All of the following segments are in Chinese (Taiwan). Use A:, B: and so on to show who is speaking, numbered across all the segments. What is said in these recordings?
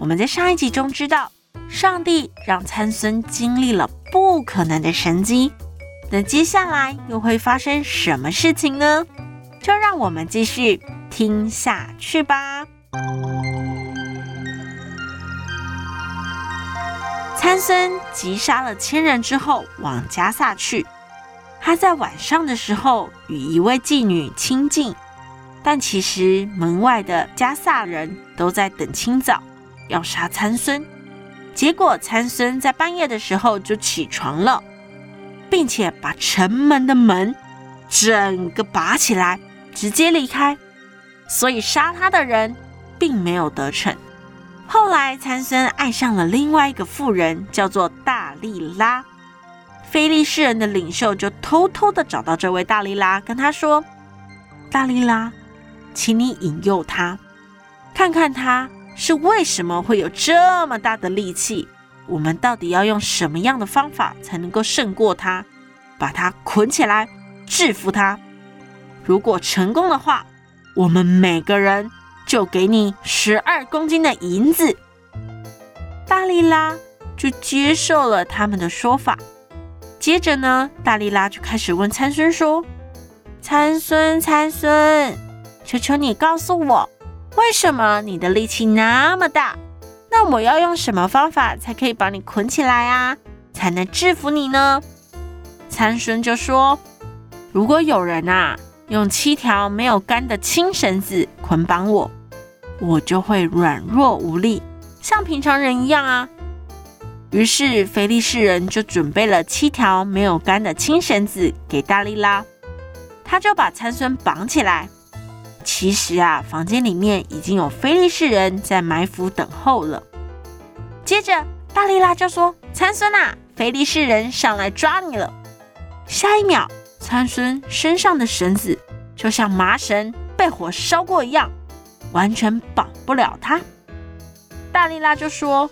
A: 我們在上一集中知道，上帝讓參孫經歷了不可能的神蹟。那接下來又會發生什麼事情呢？就讓我們繼續聽下去吧。參孫擊殺了千人之後，往迦薩去。他在晚上的時候與一位妓女親近，但其實門外的迦薩人都在等清早。要殺參孫，結果參孫在半夜的時候就起床了，並且把城門的門整個拔起來，直接離開。所以殺他的人並沒有得逞。後來參孫愛上了另外一個婦人，叫做大力拉。菲利士人的領袖就偷偷的找到這位大力拉，跟他說：“大力拉，請你引誘他，看看他。”是為什麼會有這麼大的力氣？我們到底要用什麼樣的方法才能夠勝過他，把他捆起來，制服他？如果成功的話，我們每個人就給你十二公斤的銀子。大利拉就接受了他們的說法。接着呢，大利拉就開始問參孫說：“參孫，參孫，求求你告訴我。”為什麼你的力氣那麼大？那我要用什麼方法才可以把你捆起來啊？才能制服你呢？參孫就說：“如果有人啊用七條沒有乾的青繩子捆綁我，我就會軟弱無力，像平常人一樣啊。”於是非利士人就準備了七條沒有乾的青繩子給大力拉，他就把參孫綁起來。其實啊，房間裡面已經有菲力士人在埋伏等候了。接着，大力拉就說：“參孫啊，菲力士人上來抓你了。”下一秒，參孫身上的繩子就像麻繩被火燒過一樣，完全綁不了他。大力拉就說：“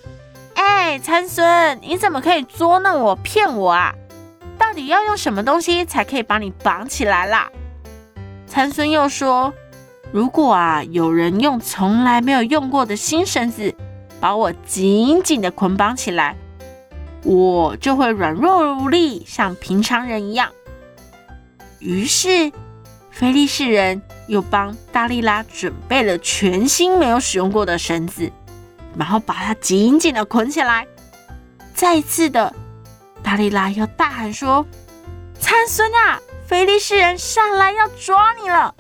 A: 哎、欸，參孫，你怎麼可以捉弄我、騙我啊？到底要用什麼東西才可以把你綁起來啦？”參孫又說。如果啊，有人用從來沒有用過的新繩子把我緊緊的捆綁起來，我就會軟弱無力，像平常人一樣。於是，非利士人又幫大利拉準備了全新沒有使用過的繩子，然後把它緊緊的捆起來。再一次的，大利拉又大喊說：“參孫啊，非利士人上來要抓你了！”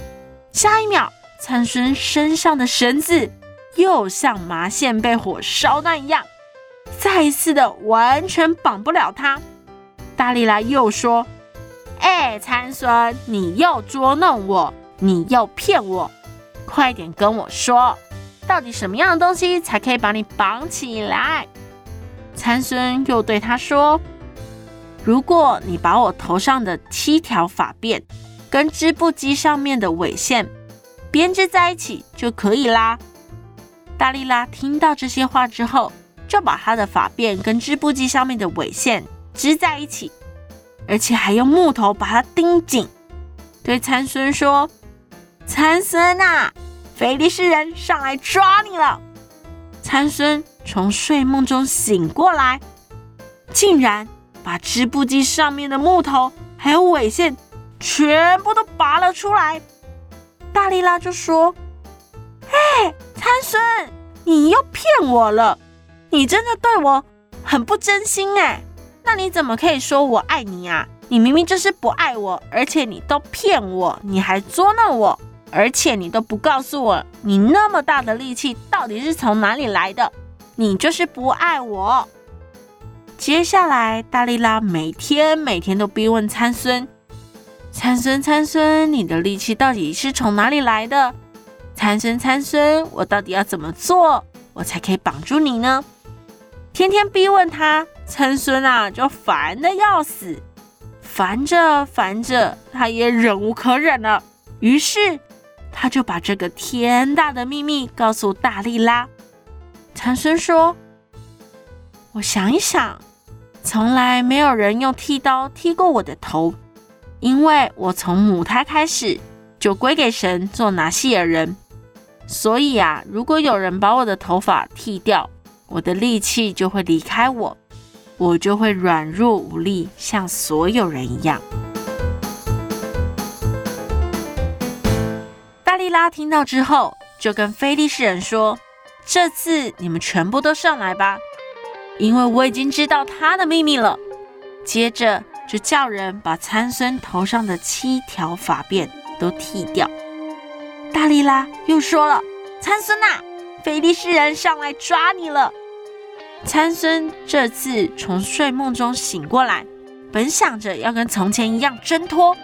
A: 下一秒。參孫身上的繩子又像麻線被火燒斷一樣，再一次的完全綁不了他。大利拉又說：“哎、欸，參孫，你要捉弄我，你要騙我，快點跟我說，到底什麼樣的東西才可以把你綁起來？”參孫又對他說：“如果你把我頭上的七條髮辮跟織布機上面的尾線。”編織在一起就可以啦。大利拉聽到這些話之後，就把他的髮辮跟織布機上面的尾線織在一起，而且還用木頭把它釘緊。對參孫說：“參孫啊，非利士人上來抓你了。”參孫從睡夢中醒過來，竟然把織布機上面的木頭還有尾線全部都拔了出來。大利拉就說：“嘿，參孫，你又騙我了！你真的對我很不真心哎，那你怎麼可以說我愛你啊？你明明就是不愛我，而且你都騙我，你還捉弄我，而且你都不告訴我，你那麼大的力氣到底是從哪裡來的？你就是不愛我。”接下來，大利拉每天每天都逼問參孫。參孫，參孫，你的力氣到底是從哪裡來的？參孫，參孫，我到底要怎麼做，我才可以綁住你呢？天天逼問他，參孫啊，就煩得要死，煩着煩着，他也忍無可忍了。於是，他就把這個天大的秘密告訴大利拉。參孫說：“我想一想，從來沒有人用剃刀剃過我的頭。”因為我從母胎開始就歸給神做拿細耳人，所以啊，如果有人把我的頭髮剃掉，我的力氣就會離開我，我就會軟弱無力，像所有人一樣。 大利拉聽到之後，就跟非利士人說：“這次你們全部都上來吧，因為我已經知道他的秘密了。”接着。就叫人把參孫頭上的七條髮辮都剃掉。大利拉又說了：“參孫吶、啊，腓利士人上來抓你了。”參孫這次從睡夢中醒過來，本想着要跟從前一樣掙脫，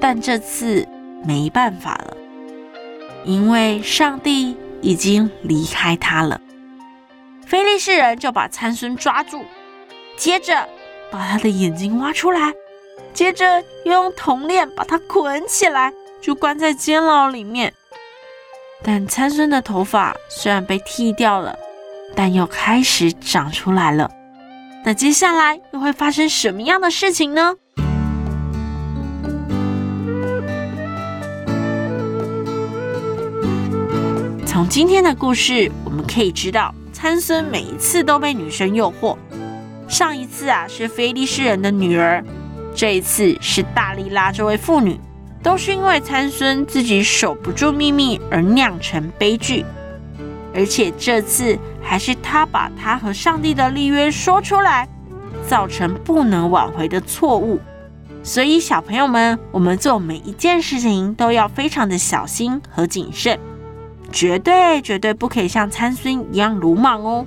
A: 但這次沒辦法了，因為上帝已經離開他了。腓利士人就把參孫抓住，接着。把他的眼睛挖出來，接着又用銅鏈把他捆起來，就關在監牢裡面。但參孫的頭髮雖然被剃掉了，但又開始長出來了。那接下來又會發生什麼樣的事情呢？從今天的故事，我們可以知道，參孫每一次都被女生誘惑。上一次啊是非利士人的女兒，這一次是大利拉這位婦女，都是因為參孫自己守不住秘密而釀成悲劇，而且這次還是他把他和上帝的立約說出來，造成不能挽迴的錯誤。所以小朋友們，我們做每一件事情都要非常的小心和謹慎，絕對絕對不可以像參孫一樣魯莽哦。